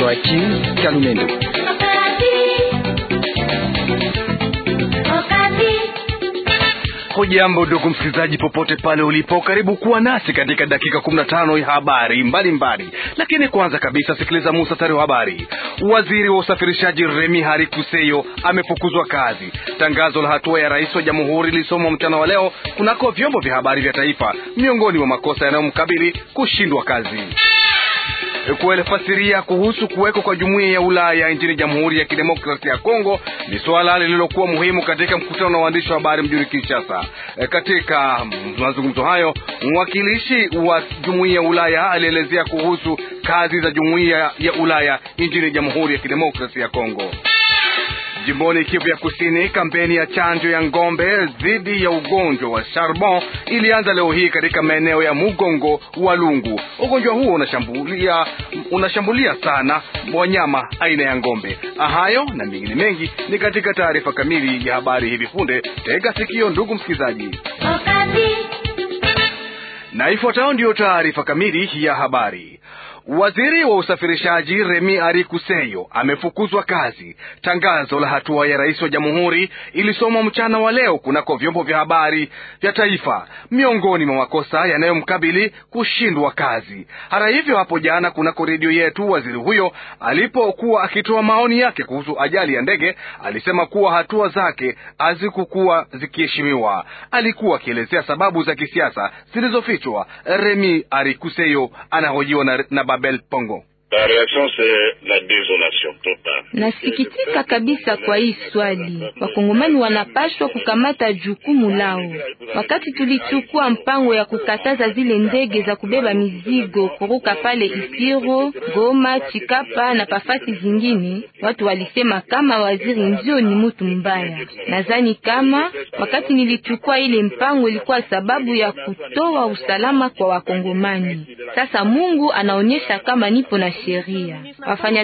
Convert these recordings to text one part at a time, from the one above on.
Joachim Kalumendo. Hujambo ndugu msikilizaji, popote pale ulipo, karibu kuwa nasi katika dakika 15 ya habari mbalimbali. Lakini kwanza kabisa, sikiliza muhtasari wa habari. Waziri wa usafirishaji Remi Hari Kuseyo amefukuzwa kazi. Tangazo la hatua ya rais wa jamhuri lilisomwa mchana wa leo kunako vyombo vya habari vya taifa, miongoni mwa makosa yanayomkabili kushindwa kazi kuelefasiria kuhusu kuweko kwa jumuiya ya Ulaya nchini Jamhuri ya Kidemokrasia ya Kongo ni suala lililokuwa muhimu katika mkutano na waandishi wa habari mjini Kinshasa. E, katika mazungumzo hayo, mwakilishi wa jumuiya ya Ulaya alielezea kuhusu kazi za jumuiya ya Ulaya nchini Jamhuri ya Kidemokrasia ya Kongo. Jimboni Kivu ya Kusini, kampeni ya chanjo ya ng'ombe dhidi ya ugonjwa wa charbon ilianza leo hii katika maeneo ya Mugongo wa Lungu. Ugonjwa huo unashambulia, unashambulia sana wanyama aina ya ng'ombe. Ah, hayo na mengine mengi ni katika taarifa kamili ya habari hivi punde. Tega sikio, ndugu msikilizaji, na ifuatayo ndiyo taarifa kamili ya habari. Waziri wa usafirishaji Remi ari kuseyo amefukuzwa kazi. Tangazo la hatua ya rais wa jamhuri ilisomwa mchana wa leo kunako vyombo vya habari vya taifa, miongoni mwa makosa yanayomkabili kushindwa kazi. Hata hivyo, hapo jana kunako redio yetu, waziri huyo alipokuwa akitoa maoni yake kuhusu ajali ya ndege, alisema kuwa hatua zake hazikukuwa zikiheshimiwa. Alikuwa akielezea sababu za kisiasa zilizofichwa. Remi ari kuseyo anahojiwa na, na Bel Pongo. La reaction c'est la desolation totale. Nasikitika kabisa kwa hii swali. Wakongomani wanapaswa kukamata jukumu lao. Wakati tulichukua mpango ya kukataza zile ndege za kubeba mizigo kuruka pale Isiro, Goma, Chikapa na pafati zingine, watu walisema kama waziri ndio ni mtu mbaya. Nadhani kama wakati nilichukua ile mpango ilikuwa sababu ya kutoa usalama kwa Wakongomani. Sasa Mungu anaonyesha kama nipo na sheria.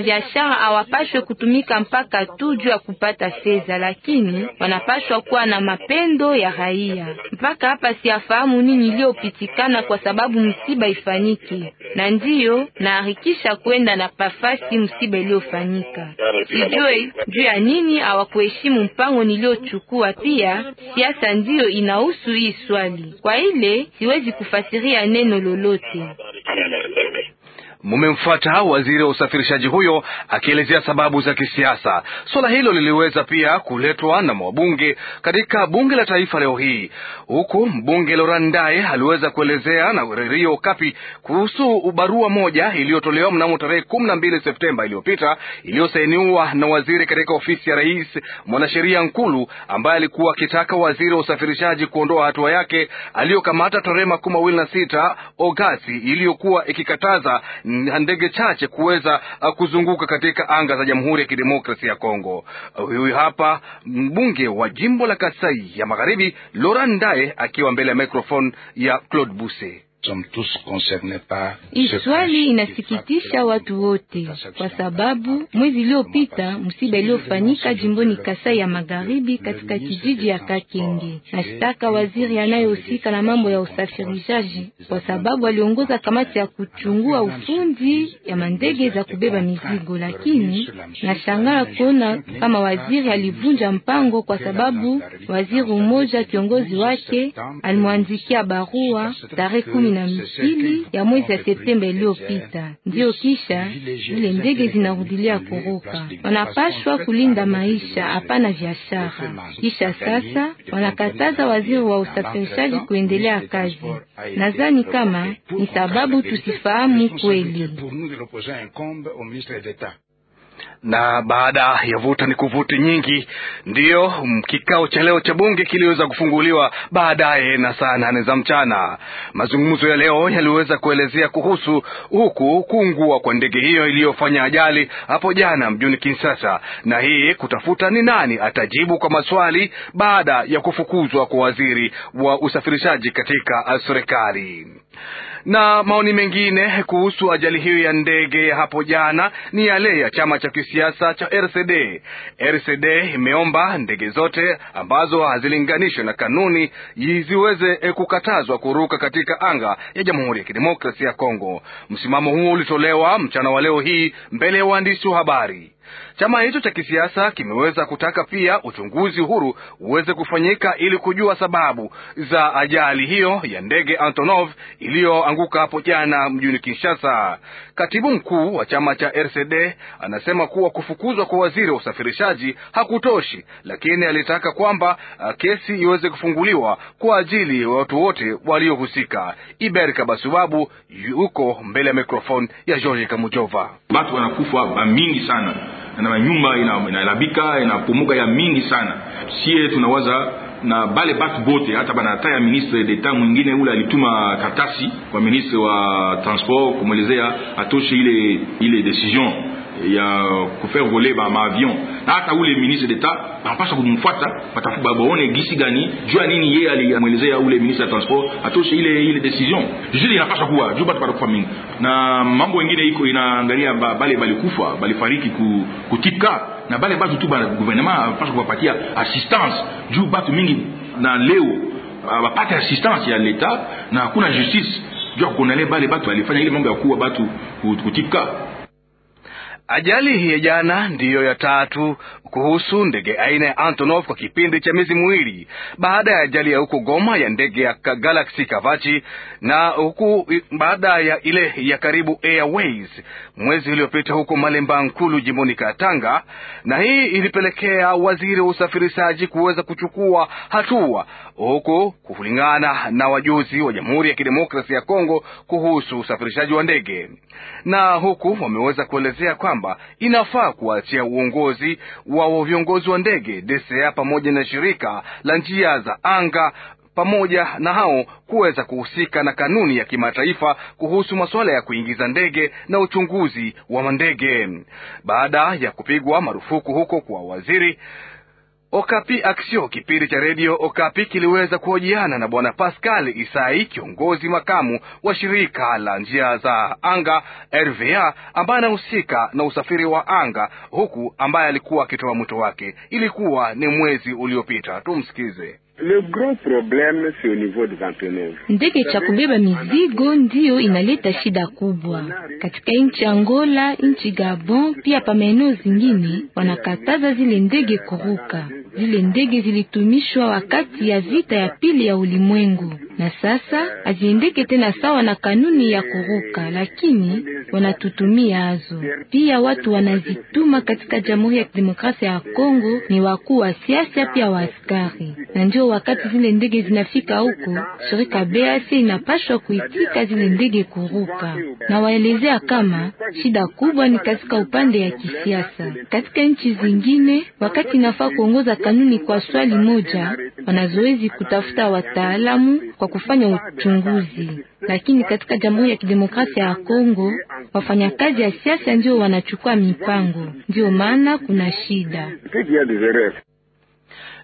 biashara hawapashwe kutumika mpaka tu juu ya kupata fedha, lakini wanapashwa kuwa na mapendo ya raia. Mpaka hapa siyafahamu nini iliyopitikana, kwa sababu msiba ifanyike, na ndiyo naharikisha kwenda na pafasi msiba iliyofanyika. Sijue juu ya nini hawakuheshimu mpango niliyochukua. Pia siasa ndiyo inahusu hii swali, kwa ile siwezi kufasiria neno lolote mumemfuata waziri wa usafirishaji huyo akielezea sababu za kisiasa. Suala hilo liliweza pia kuletwa na wabunge katika bunge la taifa leo hii, huku mbunge Lorandae aliweza kuelezea na Rerio Kapi kuhusu barua moja iliyotolewa mnamo tarehe kumi na mbili Septemba iliyopita iliyosainiwa na waziri katika ofisi ya rais mwanasheria Nkulu, ambaye alikuwa akitaka waziri wa usafirishaji kuondoa hatua yake aliyokamata tarehe makumi mawili na sita Ogasti iliyokuwa ikikataza ndege chache kuweza uh, kuzunguka katika anga za Jamhuri ya Kidemokrasia ya Kongo. Huyu hapa mbunge wa jimbo la Kasai ya Magharibi, Laurent Ndae akiwa mbele ya microphone ya Claude Buse. Hii swali inasikitisha watu wote kwa sababu mwezi iliyopita msiba iliyofanyika jimboni Kasai ya Magharibi katika kijiji ya Kakenge. nashitaka waziri anayehusika na mambo ya usafirishaji kwa sababu aliongoza kamati ya kuchungua ufundi ya mandege za kubeba mizigo, lakini nashangaa kuona kama waziri alivunja mpango kwa sababu waziri mmoja kiongozi wake alimwandikia barua tarehe kumi na mbili ya mwezi ya Septemba iliyopita. Ndiyo kisha zile ndege zinarudilia kuruka. Wanapashwa kulinda maisha, hapana biashara. Kisha sasa wanakataza waziri wa usafirishaji kuendelea kazi. Nadhani kama ni sababu tusifahamu kweli na baada ya vuta ni kuvuti nyingi, ndiyo kikao cha leo cha bunge kiliweza kufunguliwa baadaye na saa nane za mchana. Mazungumzo ya leo yaliweza kuelezea kuhusu huku kuungua kwa ndege hiyo iliyofanya ajali hapo jana mjuni kinsasa na hii kutafuta ni nani atajibu kwa maswali baada ya kufukuzwa kwa waziri wa usafirishaji katika serikali. Na maoni mengine kuhusu ajali hiyo ya ndege ya hapo jana ni yale ya chama cha kisiasa cha RCD. RCD imeomba ndege zote ambazo hazilinganishwe na kanuni ziweze eh, kukatazwa kuruka katika anga ya Jamhuri ya Kidemokrasia ya Kongo. Msimamo huo ulitolewa mchana wa leo hii mbele ya waandishi wa habari. Chama hicho cha kisiasa kimeweza kutaka pia uchunguzi huru uweze kufanyika ili kujua sababu za ajali hiyo ya ndege Antonov iliyoanguka hapo jana mjini Kinshasa. Katibu mkuu wa chama cha RCD anasema kuwa kufukuzwa kwa waziri wa usafirishaji hakutoshi, lakini alitaka kwamba uh, kesi iweze kufunguliwa kwa ajili ya watu wote waliohusika. Iber Kabasubabu yuko mbele ya mikrofoni ya George Kamujova. Watu wanakufa mingi sana na nyumba inalabika ina inapomoka ya mingi sana sie tunawaza na bale batu bote hata banata ya ministre d'etat mwingine ule alituma katasi kwa ministre wa transport kumwelezea atoshe ile ile decision ya kufaire voler ba maavion hata ule ministre d'etat wanapaswa kumfuata baone gisi gani juu ya nini yeye alimwelezea ule ministre ya transport atoshe ile ile decision jili inapaswa kuwa juu batu batakufa mingi na mambo wengine iko inaangalia ba, bale balikufa balifariki ku, kutika na bale batu tu gouvernement apaswa kuwapatia assistance juu batu mingi na leo bapate ah, assistance ya l'etat na hakuna justice juu ya kukondane bale batu alifanya ile mambo ya kuwa batu kutika Ajali hii ya jana ndiyo ya tatu kuhusu ndege aina ya Antonov kwa kipindi cha miezi miwili, baada ya ajali ya huko Goma ya ndege ya Galaxy Kavachi na huku baada ya ile ya Karibu Airways mwezi uliopita huko Malemba Nkulu jimboni Katanga, na hii ilipelekea waziri wa usafirishaji kuweza kuchukua hatua huku kulingana na wajuzi wa Jamhuri ya Kidemokrasia ya Kongo kuhusu usafirishaji wa ndege, na huku wameweza kuelezea kwamba inafaa kuachia uongozi wa viongozi wa ndege DCA pamoja na shirika la njia za anga pamoja na hao kuweza kuhusika na kanuni ya kimataifa kuhusu masuala ya kuingiza ndege na uchunguzi wa mandege. Baada ya kupigwa marufuku huko kwa waziri Okapi Aksio. Kipindi cha redio Okapi kiliweza kuhojiana na bwana Pascal Isai, kiongozi makamu wa shirika la njia za anga RVA, ambaye anahusika na usafiri wa anga huku, ambaye alikuwa akitoa mwito wake. Ilikuwa ni mwezi uliopita, tumsikize. Le gros problème c'est au niveau ndege cha kubeba mizigo ndiyo inaleta shida kubwa katika nchi Angola, nchi Gabon, pia pa maeneo zingine wanakataza zile ndege kuruka zile ndege zilitumishwa wakati ya vita ya pili ya ulimwengu, na sasa aziendeke tena sawa na kanuni ya kuruka, lakini wanatutumia azo. Pia watu wanazituma katika Jamhuri ya Kidemokrasia ya Kongo ni wakuu wa siasa, pia wa askari, na ndio wakati zile ndege zinafika huko, shirika BAC inapashwa kuitika zile ndege kuruka, na waelezea kama shida kubwa ni katika upande ya kisiasa katika nchi zingine, wakati nafaa kuongoza kanuni kwa swali moja, wanazoezi kutafuta wataalamu kwa kufanya uchunguzi, lakini katika Jamhuri ya Kidemokrasia ya Kongo wafanyakazi ya siasa ndio wanachukua mipango, ndio maana kuna shida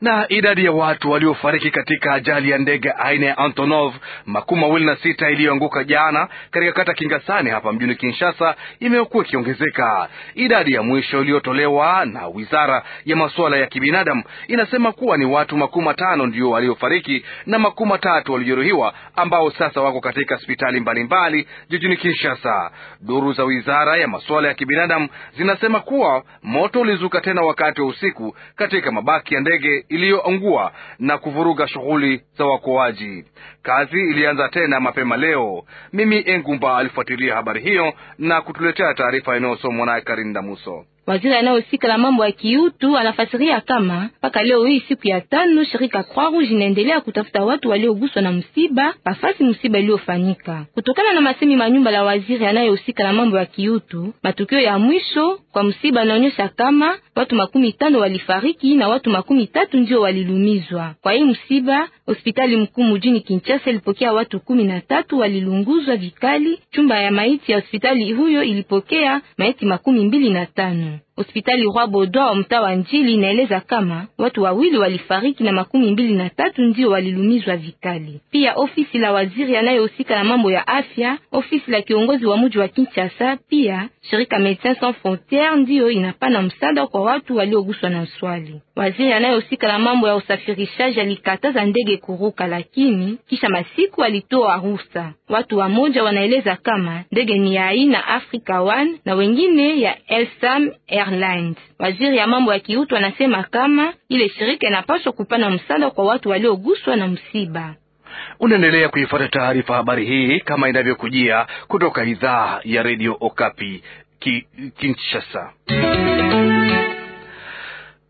na idadi ya watu waliofariki katika ajali ya ndege aina ya Antonov makumi mawili na sita iliyoanguka jana katika kata Kingasani hapa mjini Kinshasa imekuwa ikiongezeka. Idadi ya mwisho iliyotolewa na wizara ya masuala ya kibinadamu inasema kuwa ni watu makumi matano ndio waliofariki na makumi matatu waliojeruhiwa ambao sasa wako katika hospitali mbalimbali jijini Kinshasa. Duru za wizara ya masuala ya kibinadamu zinasema kuwa moto ulizuka tena wakati wa usiku katika mabaki ya ndege iliyoungua na kuvuruga shughuli za wakoaji. Kazi ilianza tena mapema leo. Mimi Engumba alifuatilia habari hiyo na kutuletea taarifa inayosomwa naye Karinda Muso. Waziri anayehusika na mambo ya kiutu anafasiria kama mpaka leo hii siku ya tano, shirika Croix Rouge inaendelea kutafuta watu walioguswa na msiba pafasi msiba iliyofanyika. Kutokana na masemi manyumba la waziri anayehusika na mambo ya kiutu, matukio ya mwisho kwa msiba anaonyesha kama watu makumi tano walifariki na watu makumi tatu ndio walilumizwa kwa hii msiba. Hospitali mkuu mjini Kinshasa ilipokea watu kumi na tatu walilunguzwa vikali. Chumba ya maiti ya hospitali huyo ilipokea maiti makumi mbili na tano. Hospitali Roi Baudouin mtaa wa Njili inaeleza kama watu wawili walifariki na makumi mbili na tatu ndio walilumizwa vikali. Pia ofisi la waziri anayohusika na mambo ya afya, ofisi la kiongozi wa mji wa Kinshasa, pia shirika Medecins Sans Frontieres ndiyo inapana msaada kwa watu walioguswa na swali. Waziri anayohusika na mambo ya usafirishaji alikataza ndege kuruka, lakini kisha masiku alitoa ruhusa. Watu wa moja wanaeleza kama ndege ni ya aina Africa One na wengine ya Elsam Air Airlines. Waziri ya mambo ya kiutu anasema kama ile shirika inapaswa kupana msaada kwa watu walioguswa na msiba. Unaendelea kuifuata taarifa habari hii kama inavyokujia kutoka idhaa ya redio Okapi ki, Kinshasa.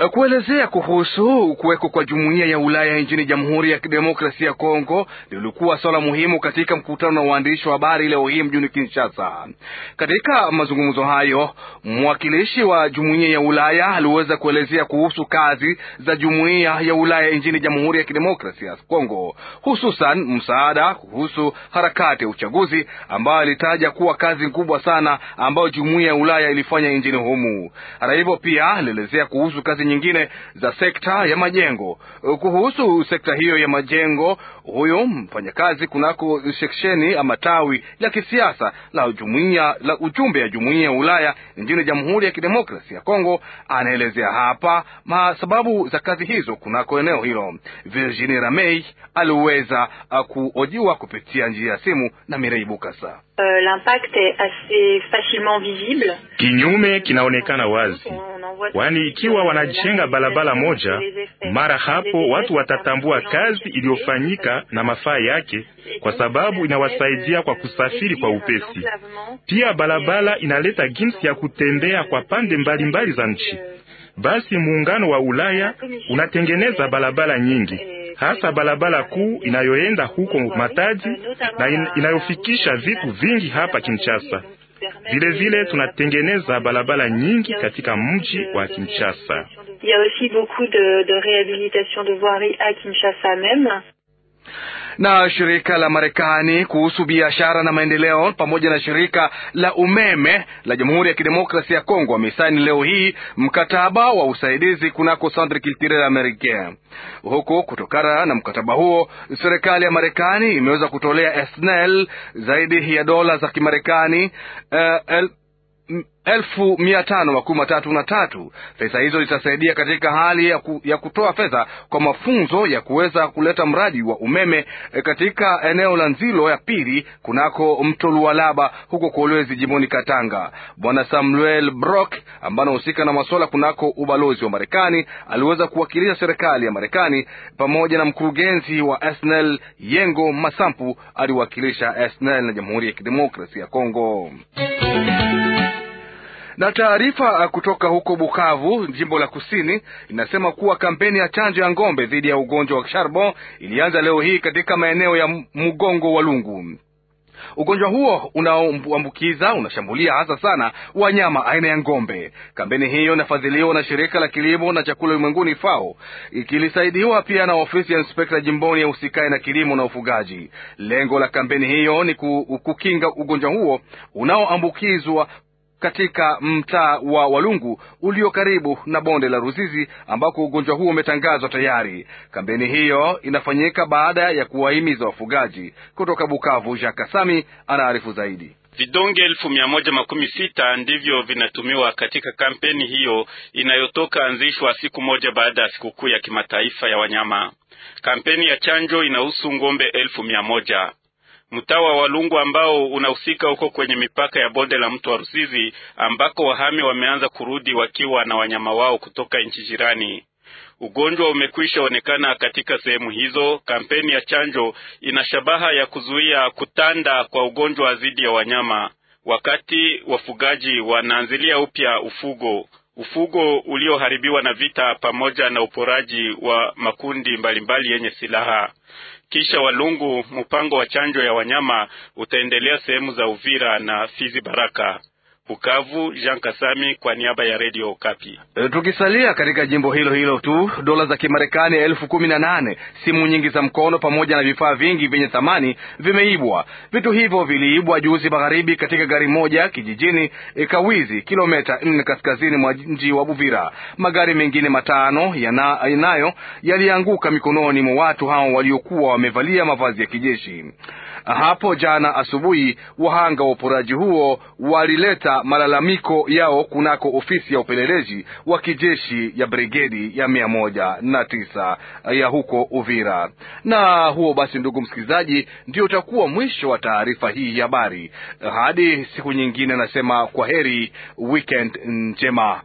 Eh, kuelezea kuhusu kuweko kwa jumuiya ya Ulaya nchini Jamhuri ya Kidemokrasia ya Kongo lilikuwa swala muhimu katika mkutano na waandishi wa habari leo hii mjini Kinshasa. Katika mazungumzo hayo, mwakilishi wa jumuiya ya Ulaya aliweza kuelezea kuhusu kazi za jumuiya ya Ulaya nchini Jamhuri ya Kidemokrasia ya Kongo, hususan msaada kuhusu harakati ya uchaguzi ambayo alitaja kuwa kazi kubwa sana ambayo jumuiya ya Ulaya ilifanya nchini humu. Hata hivyo, pia alielezea kuhusu kazi nyingine za sekta ya majengo. Uh, kuhusu sekta hiyo ya majengo, huyu mfanyakazi kunako seksheni ama tawi la kisiasa la jumuiya la ujumbe ya jumuiya ya Ulaya nchini Jamhuri ya Kidemokrasia ya Kongo anaelezea hapa sababu za kazi hizo kunako eneo hilo. Virginie Ramey aliweza uh, kuojiwa kupitia njia ya simu na Mirei Bukasa. Euh, l'impact est assez facilement visible. Kinyume kinaonekana wazi, kwani ikiwa wanajenga barabara moja, mara hapo watu watatambua kazi iliyofanyika na mafaa yake, kwa sababu inawasaidia kwa kusafiri kwa upesi. Pia barabara inaleta jinsi ya kutembea kwa pande mbalimbali za nchi. Euh, Basi muungano wa Ulaya unatengeneza barabara nyingi hasa barabara kuu inayoenda huko Matadi na in, inayofikisha vitu vingi hapa Kinshasa. Vile vile tunatengeneza barabara nyingi katika mji wa Kinshasa. Na shirika la Marekani kuhusu biashara na maendeleo pamoja na shirika la umeme la Jamhuri ya Kidemokrasia ya Kongo wamesaini leo hii mkataba wa usaidizi kunako Centre Culturel Americain. Huku kutokana na mkataba huo, serikali ya Marekani imeweza kutolea SNEL zaidi ya dola za Kimarekani uh, elfu mia tano makumi matatu na tatu. Pesa hizo zitasaidia katika hali ya, ku, ya kutoa fedha kwa mafunzo ya kuweza kuleta mradi wa umeme eh, katika eneo la Nzilo ya pili kunako mto Lualaba huko Kolwezi jimboni Katanga. Bwana Samuel Brock ambaye anahusika na masuala kunako ubalozi wa Marekani aliweza kuwakilisha serikali ya Marekani pamoja na mkurugenzi wa SNL Yengo Masampu aliwakilisha SNL na Jamhuri ya Kidemokrasia ya Kongo. Na taarifa kutoka huko Bukavu, jimbo la kusini, inasema kuwa kampeni ya chanjo ya ng'ombe dhidi ya ugonjwa wa Charbon ilianza leo hii katika maeneo ya Mugongo wa Lungu. Ugonjwa huo unaoambukiza unashambulia hasa sana wanyama aina ya ng'ombe. Kampeni hiyo inafadhiliwa na shirika la kilimo na chakula ulimwenguni FAO, ikilisaidiwa pia na ofisi ya inspekta jimboni ya usikae na kilimo na ufugaji. Lengo la kampeni hiyo ni kukinga ugonjwa huo unaoambukizwa katika mtaa wa Walungu ulio karibu na bonde la Ruzizi ambako ugonjwa huo umetangazwa tayari. Kampeni hiyo inafanyika baada ya kuwahimiza wafugaji. Kutoka Bukavu, Jacques Kasami anaarifu zaidi. Vidonge elfu mia moja makumi sita ndivyo vinatumiwa katika kampeni hiyo inayotoka anzishwa siku moja baada ya sikukuu ya kimataifa ya wanyama. Kampeni ya chanjo inahusu ng'ombe elfu mia moja mtawa wa Lungu ambao unahusika huko kwenye mipaka ya bonde la mto wa Rusizi ambako wahami wameanza kurudi wakiwa na wanyama wao kutoka nchi jirani. Ugonjwa umekwisha onekana katika sehemu hizo. Kampeni ya chanjo ina shabaha ya kuzuia kutanda kwa ugonjwa dhidi ya wanyama, wakati wafugaji wanaanzilia upya ufugo ufugo ulioharibiwa na vita pamoja na uporaji wa makundi mbalimbali mbali yenye silaha. Kisha Walungu, mpango wa chanjo ya wanyama utaendelea sehemu za Uvira na Fizi Baraka. Bukavu, Jean Kasami kwa niaba ya Radio Okapi. E, tukisalia katika jimbo hilo hilo tu, dola za Kimarekani elfu kumi na nane, simu nyingi za mkono pamoja na vifaa vingi vyenye thamani vimeibwa. Vitu hivyo viliibwa juzi magharibi katika gari moja kijijini e, Kawizi, kilomita nne kaskazini mwa mji wa Buvira. Magari mengine matano yanayo yalianguka mikononi mwa watu hao waliokuwa wamevalia mavazi ya kijeshi. Hapo jana asubuhi, wahanga wa uporaji huo walileta malalamiko yao kunako ofisi ya upelelezi wa kijeshi ya brigedi ya mia moja na tisa ya huko Uvira. Na huo basi, ndugu msikilizaji, ndio utakuwa mwisho wa taarifa hii ya habari. Hadi siku nyingine, nasema kwa heri, weekend njema.